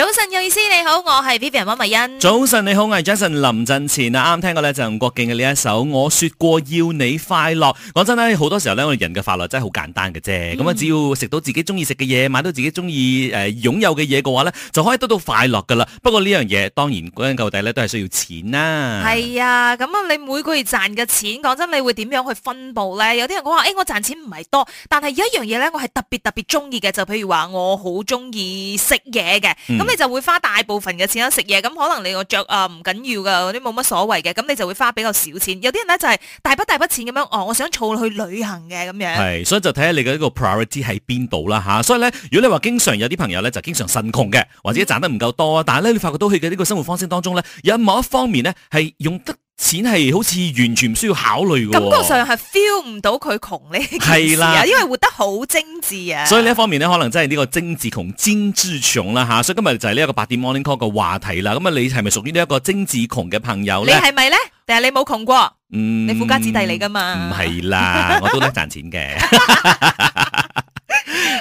早晨，有意思你好，我係 Vivian 溫美欣。早晨你好，我係 Jason 林振前啊！啱啱聽過咧就郭敬嘅呢一首，我說過要你快樂。講真咧，好多時候咧，我哋人嘅快樂真係好簡單嘅啫。咁啊、嗯，只要食到自己中意食嘅嘢，買到自己中意誒擁有嘅嘢嘅話咧，就可以得到快樂噶啦。不過呢樣嘢當然講真到底咧都係需要錢啦。係啊，咁、嗯、啊，你每個月賺嘅錢，講真你會點樣去分布咧？有啲人講話，誒，我賺錢唔係多，但係有一樣嘢咧，我係特別特別中意嘅，就譬如話我好中意食嘢嘅，咁。即係就會花大部分嘅錢啦，食嘢咁可能你個着啊唔緊要噶，嗰啲冇乜所謂嘅，咁你就會花比較少錢。有啲人咧就係、是、大筆大筆錢咁樣，哦，我想儲去旅行嘅咁樣。係，所以就睇下你嘅呢個 priority 喺邊度啦吓、啊。所以咧，如果你話經常有啲朋友咧就經常呻窮嘅，或者賺得唔夠多，但係咧你發覺到佢嘅呢個生活方式當中咧，有某一方面咧係用得。錢係好似完全唔需要考慮嘅、哦，感覺上係 feel 唔到佢窮呢件事啊，係啦，因為活得好精致啊。所以呢一方面咧，可能真係呢個精致窮、精致窮啦吓。所以今日就係呢一個八點 Morning Call 嘅話題啦。咁啊，你係咪屬於呢一個精致窮嘅朋友咧？你係咪咧？定係你冇窮過？嗯，你富家子弟嚟噶嘛？唔係啦，我都得賺錢嘅。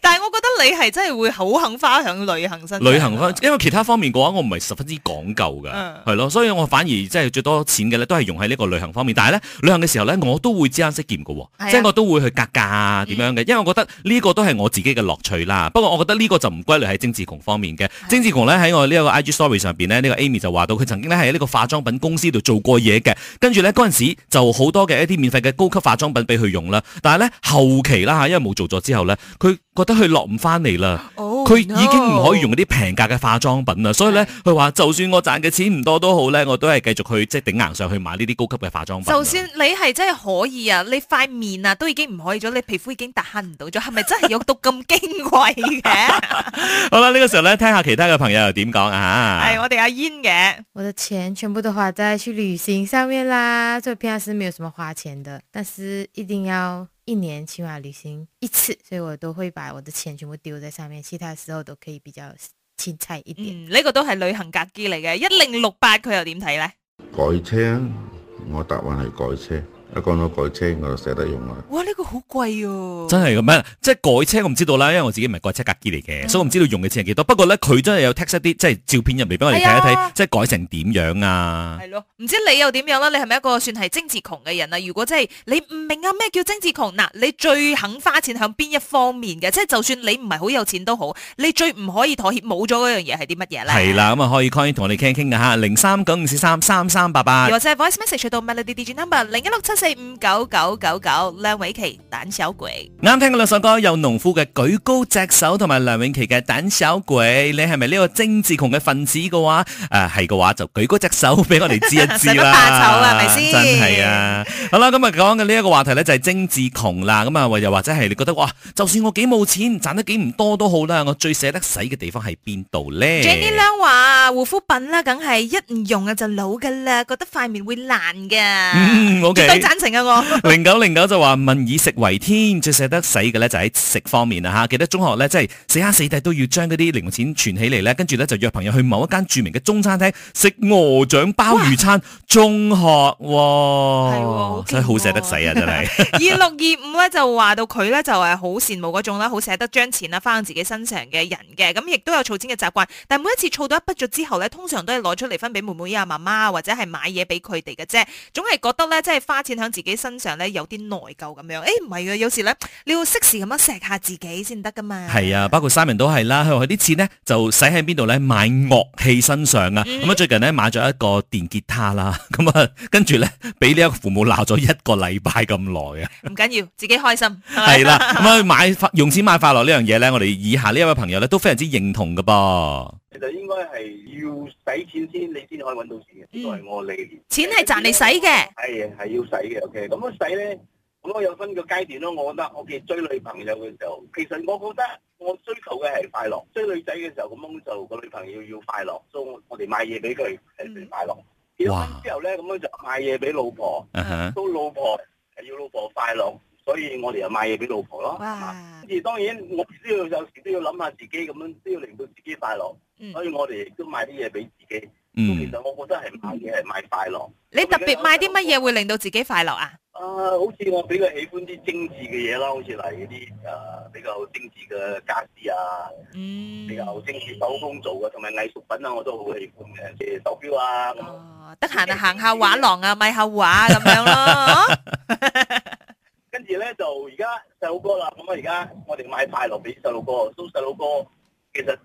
但係我覺得你係真係會好肯花響旅行身上，旅行方因為其他方面嘅話，我唔係十分之講究噶，係、嗯、咯，所以我反而即係最多錢嘅咧，都係用喺呢個旅行方面。但係咧，旅行嘅時候咧，我都會知慳識儉嘅，是啊、即係我都會去格價啊，點樣嘅，因為我覺得呢個都係我自己嘅樂趣啦。不過我覺得呢個就唔歸類喺精致窮方面嘅。是啊、精致窮咧喺我呢一個 I G Story 上邊呢，呢、這個 Amy 就話到，佢曾經咧喺呢個化妝品公司度做過嘢嘅，跟住咧嗰陣時就好多嘅一啲免費嘅高級化妝品俾佢用啦。但係咧後期啦因為冇做咗之後咧，佢。覺得佢落唔翻嚟啦，佢、oh, 已經唔可以用嗰啲平價嘅化妝品啦，所以咧佢話，就算我賺嘅錢唔多都好咧，我都係繼續去即係頂硬上去買呢啲高級嘅化妝品。就算你係真係可以啊，你塊面啊都已經唔可以咗，你皮膚已經達慳唔到咗，係咪真係有到咁矜貴嘅？好啦，呢、這個時候咧，聽下其他嘅朋友又點講啊？係、哎、我哋阿煙嘅，我的錢全部都花在去旅行上面啦，最平常是沒有什麼花錢嘅，但是一定要。一年起碼旅行一次，所以我都會把我的錢全部丟在上面，其他時候都可以比較青菜一點。呢、嗯，這個都係旅行格局嚟嘅。一零六八，佢又點睇呢？改車，我答案係改車。一講到改車，我就捨得用啦。哇！呢、這個好貴哦、啊。真係噉咩？即係改車，我唔知道啦，因為我自己唔係改車格機嚟嘅，嗯、所以我唔知道用嘅錢係幾多。不過咧，佢真係有 take 一啲即係照片入嚟，畀我哋睇一睇，即係改成點樣啊？係咯，唔知你又點樣啦？你係咪一個算係精緻窮嘅人啊？如果真、就、係、是、你唔明啊，咩叫精緻窮嗱？你最肯花錢向邊一方面嘅？即係就算你唔係好有錢都好，你最唔可以妥協冇咗嗰樣嘢係啲乜嘢咧？係啦，咁、嗯、啊可以 call 同我哋傾一傾啊嚇，零三九五四三三三八八，或者 voice message 到 Melody DJ number 零一六七。四五九九九九，99 99，梁詠琪膽小鬼。啱聽嗰兩首歌，有農夫嘅舉高隻手，同埋梁詠琪嘅膽小鬼。你係咪呢個精緻窮嘅分子嘅話？誒、啊，係嘅話就舉高隻手俾我哋知一知啦。想怕醜啦，係咪先？真係啊！啊 好啦，今日講嘅呢一個話題呢就係精緻窮啦。咁啊，或又或者係你覺得哇，就算我幾冇錢，賺得幾唔多都好啦，我最捨得使嘅地方係邊度呢？」Jenny 兩話護膚品啦，梗係一唔用啊就老嘅啦，覺得塊面會爛噶。嗯 okay 趁啊零九零九就話民以食為天，最捨得使嘅咧就喺食方面啦吓。記得中學咧，即係死下、啊、死弟都要將嗰啲零用錢存起嚟咧，跟住咧就約朋友去某一間著名嘅中餐廳食鵝掌鮑魚餐。哇中學喎，哦哦、真係好捨得使啊！真係二六二五咧就話到佢咧就係好羨慕嗰種啦，好捨得將錢啊翻喺自己身上嘅人嘅，咁亦都有儲錢嘅習慣。但係每一次儲到一筆咗之後咧，通常都係攞出嚟分俾妹妹啊、媽媽啊，或者係買嘢俾佢哋嘅啫。總係覺得咧，即係花錢。自己身上咧有啲內疚咁樣，誒唔係嘅，有時咧你要適時咁樣錫下自己先得噶嘛。係啊，包括 Simon 都係啦，佢話佢啲錢咧就使喺邊度咧，買樂器身上啊。咁啊、嗯，最近咧買咗一個電吉他啦，咁、嗯、啊，跟住咧俾呢一個父母鬧咗一個禮拜咁耐啊。唔緊要，自己開心係啦。咁、嗯、啊，買用錢買快樂呢樣嘢咧，我哋以下呢一位朋友咧都非常之認同嘅噃。就應該係要使錢先，你先可以搵到錢。都係、嗯、我理念。錢係賺你使嘅。係，係要使嘅。OK，咁樣使咧，咁我有分個階段咯。我覺得我其實追女朋友嘅時候，其實我覺得我追求嘅係快樂。追女仔嘅時候咁樣做，個女朋友要快樂，所以我哋買嘢俾佢，係咪快樂。結婚之後咧，咁樣就買嘢俾老婆，都、uh huh. 老婆要老婆快樂。所以我哋又買嘢俾老婆咯，跟住哇當然我都要有時都要諗下自己咁樣，都要令到自己快樂。嗯、所以我哋亦都買啲嘢俾自己。嗯，其實我覺得係買嘢係買快樂。你特別買啲乜嘢會令到自己快樂啊？啊，好似我比較喜歡啲精緻嘅嘢咯，好似嚟嗰啲誒比較精緻嘅家私啊，嗯，比較精緻、啊嗯、手工做嘅，同埋藝術品啊，我都好喜歡嘅，譬如手錶啊。哦，得閒啊，行下畫廊啊，買下畫咁樣咯。而家細佬哥啦，咁啊而家我哋買快樂俾細佬哥，都細佬哥其實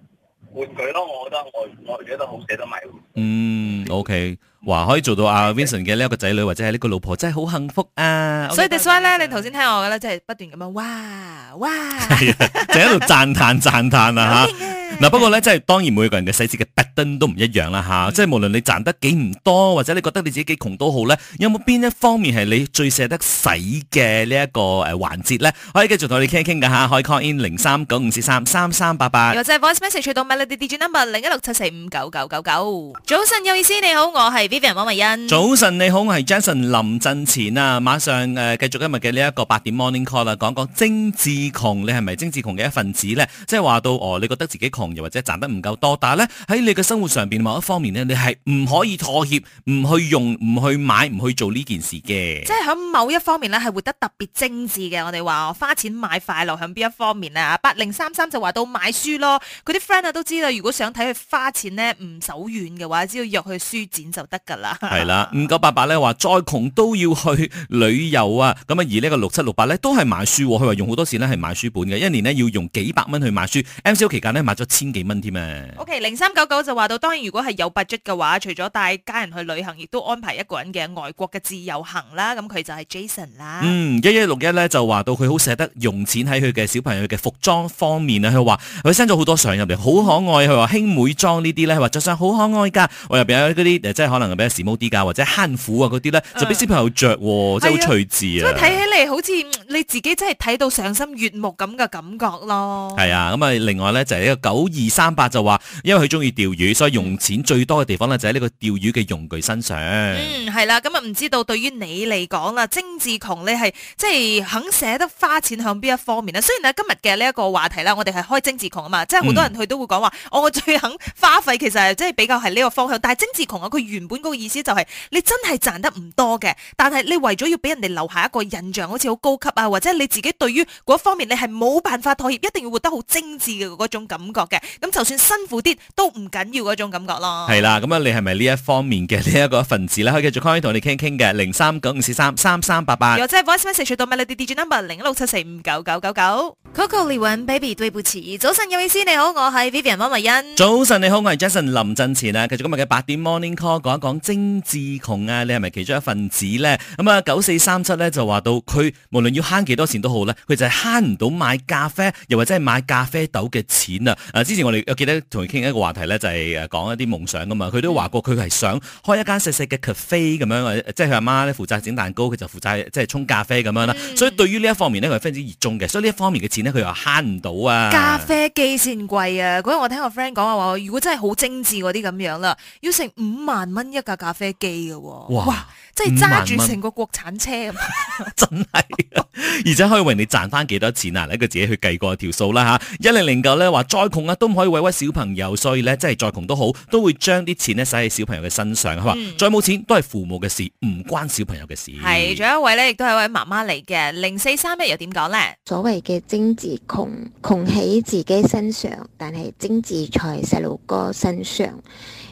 玩具咯，我覺得我我哋都好捨得買。嗯，OK，哇，可以做到阿 Vincent 嘅呢一個仔女或者係呢個老婆，真係好幸福啊！所以 This one 咧，你頭先聽我嘅啦，即係不斷咁樣哇哇，係啊，就喺度讚歎讚歎啦嚇。嗱，不過咧，即 係樂、啊、當然每個人嘅細節嘅 button 都唔一樣啦，嚇！嗯、即係無論你賺得幾唔多，或者你覺得你自己幾窮都好咧，有冇邊一方面係你最捨得使嘅呢一個誒環節咧？可以繼續同你傾一傾㗎嚇，嗯、可以 call in 零三九五四三三三八八，或者 voice message 到 melody number 零一六七四五九九九九。早晨有意思，你好，我係 Vivian 王慧欣。早晨你好，我係 Jason 林振前啊！馬上誒繼、呃、續今日嘅呢一個八點 morning call 啦，講講精緻窮，你係咪精緻窮嘅一份子咧？即係話到哦，你覺得自己窮，又或者賺得唔夠多，但係咧，喺你嘅生活上邊某一方面呢，你係唔可以妥協，唔去用，唔去買，唔去做呢件事嘅。即係喺某一方面呢，係活得特別精緻嘅。我哋話花錢買快樂，響邊一方面咧？八零三三就話到買書咯，佢啲 friend 啊都知道，如果想睇佢花錢呢，唔手軟嘅話，只要約去書展就得噶啦。係 啦，五九八八咧話再窮都要去旅遊啊。咁啊，而呢個六七六八咧都係買書，佢話用好多錢呢，係買書本嘅，一年呢，要用幾百蚊去買書。MCO 期間咧買咗。千幾蚊添啊！O K 零三九九就話到，當然如果係有 budget 嘅話，除咗帶家人去旅行，亦都安排一個人嘅外國嘅自由行啦。咁佢就係 Jason 啦。嗯，一一六一咧就話到佢好捨得用錢喺佢嘅小朋友嘅服裝方面啊。佢話佢 send 咗好多相入嚟，好可愛。佢話兄妹裝呢啲咧，話着上好可愛噶。我入邊有嗰啲、嗯、即係可能比較 small 啲㗎，或者慳苦啊嗰啲咧，嗯、就俾小朋友著，即係好趣致啊。即係睇起嚟好似你自己真係睇到賞心悅目咁嘅感覺咯。係啊，咁、嗯、啊，另外咧就係、是、一個九。二三八就話，因為佢中意釣魚，所以用錢最多嘅地方咧就喺呢個釣魚嘅用具身上。嗯，係啦，咁啊唔知道對於你嚟講啦，精致窮你係即係肯捨得花錢向邊一方面咧？雖然喺今日嘅呢一個話題啦，我哋係開精致窮啊嘛，即係好多人佢都會講話，嗯、我最肯花費其實即係比較係呢個方向。但係精致窮啊，佢原本嗰個意思就係你真係賺得唔多嘅，但係你為咗要俾人哋留下一個印象，好似好高級啊，或者你自己對於嗰方面你係冇辦法妥協，一定要活得好精致嘅嗰種感覺嘅。咁就算辛苦啲都唔緊要嗰種感覺咯。係啦，咁啊，你係咪呢一方面嘅、這個、呢一個一份子咧？可以繼續 continue 同我哋傾傾嘅零三九五四三三三八八。又或者 voice message 到 Melody DJ number 零一六七四五九九九九。Coco 李允 Baby 對唔住，早晨有老師你好，我係 Vivian 温慧欣。早晨你好，我係 Jason 林振前啊。繼續今日嘅八點 Morning Call，講一講精致窮啊，你係咪其中一份子咧？咁、嗯、啊，九四三七咧就話到，佢無論要慳幾多錢都好咧，佢就係慳唔到買咖啡，又或者係買咖啡豆嘅錢啊。啊，之前我哋又記得同佢傾一個話題咧，就係、是、誒講一啲夢想噶、啊、嘛。佢都話過佢係想開一間細細嘅 cafe 咁樣啊、呃，即係佢阿媽咧負責整蛋糕，佢就負責即係沖咖啡咁樣啦。嗯、所以對於呢一方面咧，佢係非常之熱衷嘅。所以呢一方面嘅錢佢又慳唔到啊！咖啡機先貴啊！嗰日我聽個 friend 講啊，話如果真係好精緻嗰啲咁樣啦，要成五萬蚊一架咖啡機嘅喎，哇！即係揸住成個國產車咁， 真係、啊！而且可以為你賺翻幾多錢啊？你佢自己去計過條數啦嚇。一零零九咧話再窮啊都唔可以委屈小朋友，所以咧真係再窮都好，都會將啲錢咧使喺小朋友嘅身上啊嘛。嗯、再冇錢都係父母嘅事，唔關小朋友嘅事。係，仲有一位咧，亦都係一位媽媽嚟嘅，零四三一又點講咧？所謂嘅精致窮，窮喺自己身上，但係精致在細路哥身上，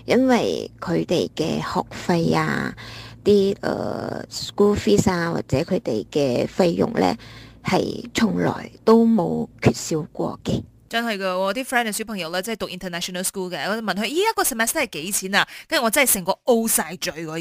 因為佢哋嘅學費啊，啲誒、呃、school fees 啊，或者佢哋嘅費用呢，係從來都冇缺少過嘅。真係噶，我啲 friend 嘅小朋友呢，即係讀 international school 嘅，我問佢依家個 semester 係幾錢啊？跟住我真係成個 O 晒嘴可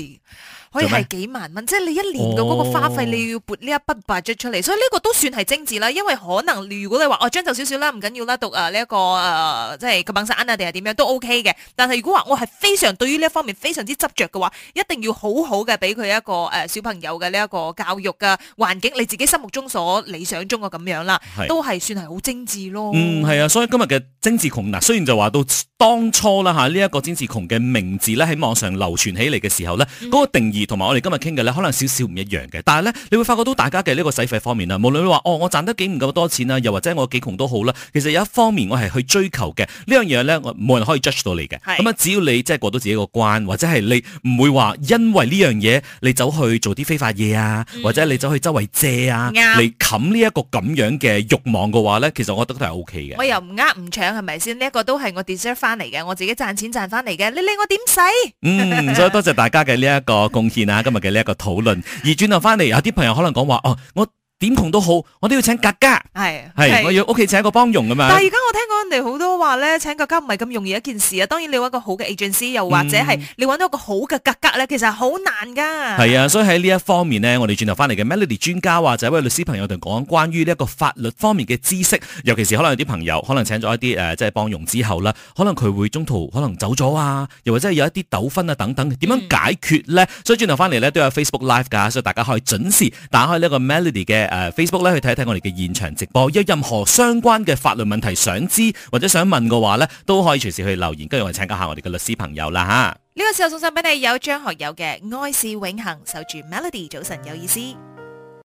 可以係幾萬蚊，即係你一年嘅，嗰個花費，哦、你要撥呢一筆 budget 出嚟，所以呢個都算係精致啦。因為可能如果你話我將就少少啦，唔、哦、緊要啦，讀啊呢一個誒，即係個丙生啊，定係點樣都 OK 嘅。但係如果話我係非常對於呢一方面非常之執着嘅話，一定要好好嘅俾佢一個誒、呃、小朋友嘅呢一個教育嘅環境，你自己心目中所理想中嘅咁樣啦，是 都係算係好精致咯。嗯，係啊，所以今日嘅精致窮嗱，雖然就話都。當初啦嚇，呢、啊、一、這個「精緻窮」嘅名字咧喺網上流傳起嚟嘅時候呢嗰、嗯、個定義同埋我哋今日傾嘅咧，可能少少唔一樣嘅。但係呢，你會發覺到大家嘅呢個使費方面啦，無論你話哦，我賺得幾唔夠多錢啦，又或者我幾窮都好啦，其實有一方面我係去追求嘅呢樣嘢呢，冇人可以 judge 到你嘅。咁啊是，只要你即係過到自己個關，或者係你唔會話因為呢樣嘢你走去做啲非法嘢啊，嗯、或者你走去周圍借啊，嚟冚呢一個咁樣嘅慾望嘅話呢，其實我覺得都係 OK 嘅。我又唔呃唔搶係咪先？呢一、這個都係我翻嚟嘅，我自己賺錢賺翻嚟嘅，你理我點使？嗯，所以多謝大家嘅呢一個貢獻啊， 今日嘅呢一個討論。而轉頭翻嚟，有啲朋友可能講話哦，我。點窮都好，我都要請格格。係係是，我要屋企請一個幫傭噶嘛。但係而家我聽講人哋好多話咧，請格格唔係咁容易一件事啊。當然你揾一個好嘅 agency，又或者係你揾到一個好嘅格格咧，嗯、其實好難噶。係啊，所以喺呢一方面咧，我哋轉頭翻嚟嘅，Melody 專家或者一位律師朋友同講關於呢一個法律方面嘅知識，尤其是可能有啲朋友可能請咗一啲誒即係幫傭之後啦，可能佢會中途可能走咗啊，又或者係有一啲糾紛啊等等，點樣解決咧？嗯、所以轉頭翻嚟咧都有 Facebook Live 噶，所以大家可以準時打開呢個 Melody 嘅。誒、uh，Facebook 咧，去睇一睇我哋嘅現場直播，有任何相關嘅法律問題想知或者想問嘅話咧，都可以隨時去留言，跟住我哋請教下我哋嘅律師朋友啦吓。呢個時候送首畀你有張學友嘅《愛是永恒》，守住 Melody，早晨有意思。